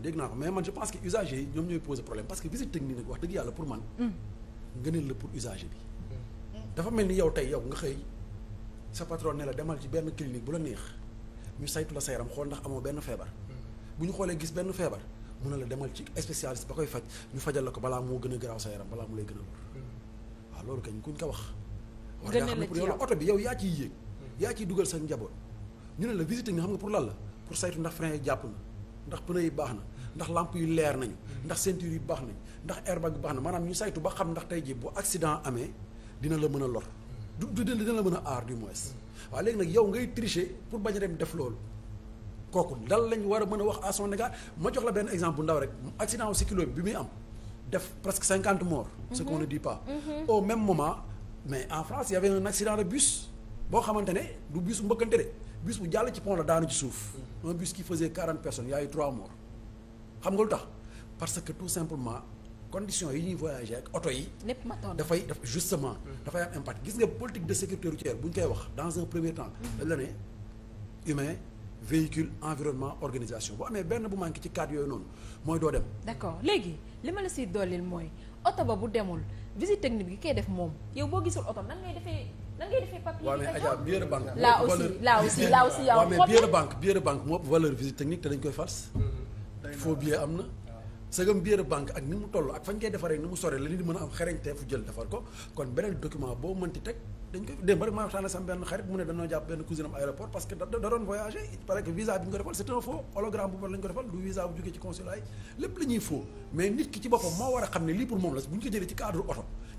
dégg naa ko mais man je que usager yi ñoom ñooy poser problème parce que visite technique nag wax dëgg yàlla pour man. Mm. ngëneel la pour usager bi. Mm. dafa mel ni yow tey yow nga xëy sa patron ne la demal ci benn clinique bu la neex ñu saytu la sa yaram xool ndax amoo benn feebar. Mm. bu ñu xoolee gis benn feebar mun na la demal ci spécialiste ba koy faj ñu fajal la ko balaa moo gën a garaaw sa yaram balaa mu lay gën a lor. waaw loolu kañ kuñ ko wax. war ngaa xam ne pour yow la bi yow yaa ciy yéeg. yaa ciy dugal sa njaboot ñu ne la visite nga xam nga pour lan la pour saytu ndax yi jàpp na ndax pneu yi baax na ndax lampe yu leer nañu ndax ceinture yi baax nañu ndax airbag baax na maanaam ñu saytu ba xam ndax tey jii bu accident amee dina la mën a lor du dina la mën a aar du moins waaw léegi nag yow ngay tricher pour bañ a dem def loolu kooku dal lañu war a mën a wax à son ma jox la benn exemple bu ndaw rek accident si kilo bi bi muy am def presque cinquante morts ce qu'on pas mhm. au même moment mais en France il y avait boo xamante ne du bus mbëkkante de bus bu jàll ci pont la daanu ci suuf un bus qui faisait quarante personnes y trois morts xam nga lu tax parce que tout simplement conditions yi ñuy voyager ak oto yi dafay daf justement dafay am impact gis nga politique de sécurité routière bu ñu koy wax dans un premier temps la ne humain véhicule environnement organisation boo amee benn bu manqué ci cadre yooyu noonu mooy doo dem d'accord léegi li ma la siy dollil mooy oto ba bu demul technique bi koy def moom yow boo gisul oto nan nan mais Adja billet banque. là banque billet ëpp valeur visite technique te dañ koy fars. faux billet am na. sëgam biir banque ak ni mu toll ak fañ koy a am xereñte fu jël defar ko kon beneen document boo mënti teg dañ koy démb rek maa waxtaan xarit mu ne dañoo jàpp benn cousine am aéroport parce que da doon voyagé il que visa bi ñu ko defal c'est un faux hologramme bu bon visa bu jógee ci consulat yi lépp la mais nit ki ci boppam moo war a xam ne lii pour moom la bu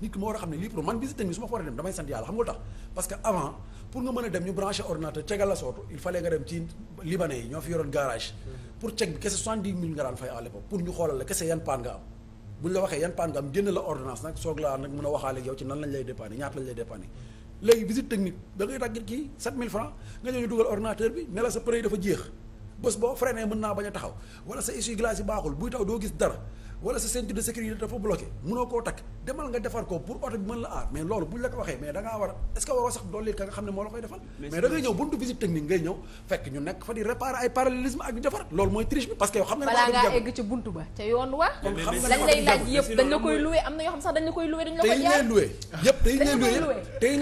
nit ki moo war a xam ne lii pour man visite technique su ma fa a dem damay sant yàlla xam nga lu tax parce avant pour nga mën a dem ñu branché ordinateur cegal la sootu il fallait nga dem ci libanais yi ñoo fi yoroon garage pour ceg bi kese soixante-dix mille nga daan fay à l'époque pour ñu xoolal la kese yan paan nga am bu ñu la waxee yan paan nga am génn la ordonnance nag soog laa nag mën a waxaale ak yow ci nan lañ lay dépanner ñaata lañ lay dépanner léegi bi ne la sa prix dafa jeex naa bañ a taxaw wala sa essuie-glace yi baaxul taw doo gis dara wala sa ceinture de sécurité dafa bloqué mënoo koo takk demal nga defar ko pour oto bi mën la aar mais loolu buñ la ko waxee mais da war a est waroo sax dolli ka nga xam ne moo la koy defal mais da ngay ñëw buntu visite technique ngay ñëw fekk ñu nekk fa di réparer ay parallélisme ak ñu defar loolu mooy triche bi parce que yow xam ne balaa ngaa egg ci yëpp dañ la koy loué am na yoo xam sax dañ la koy loué dañ la koy jaay yëpp dañ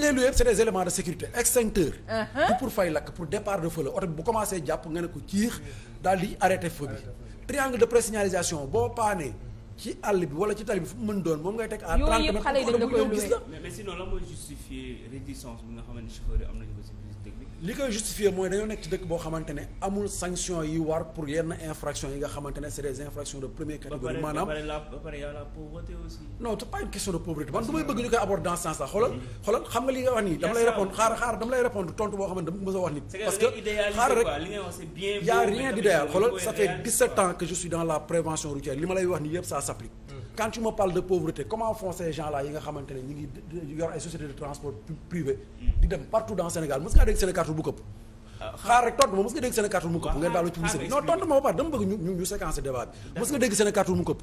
lay loué yëpp c'est des éléments de uh-huh. ko ciix di arrêté feu bi boo paanee ci àll bi wala ci tali bi fu mu mën doon moom ngay teg à. yooyu yëpp nga xamante amul sanction yi war pour yenn infraction yi nga xamante c'est des infractions de première catégorie. maanaam ba pare pare question de pauvreté man du bëgg ñu koy aborder dans ce sens là mm-hmm. xoolal. xam nga li nga wax nii dama lay répondre xaar xaar dama lay répondre tontu boo xamante dama ko mës wax nii. parce que xaar rek y rien d'idéal xoolal ça fait 17 ans que je suis s'applique mm-hmm. quand tu me de pauvreté comment font ces gens-là yi nga xamante ne ñu ngi yor ay sociétés de transport privé di dem partout dans Sénégal mës ngaa dégg seen carte këpp ah, xaar rek tontu ma mës nga nga dégg seen carte këpp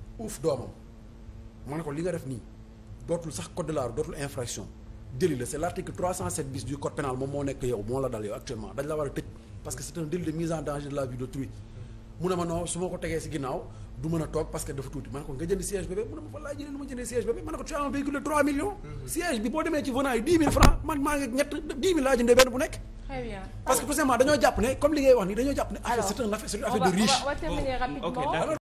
uuf doomam ma ko li nga def nii dootul sax code de dootul infraction délit la c'est l'article 307 bis du code pénal moom moo nekk yow moo la dal yow actuellement dañ la war a tëj parce que c'est un de mise en danger de la vie d'autrui mu ne ma non su ma ko tegee si ginnaaw du mën a toog parce que dafa tuuti ma ko nga jënd siège bébé mu ne ma fan laa jëlee nu ma jëndee siège bébé ma ne ko tu as un véhicule millions. Mm-hmm. siège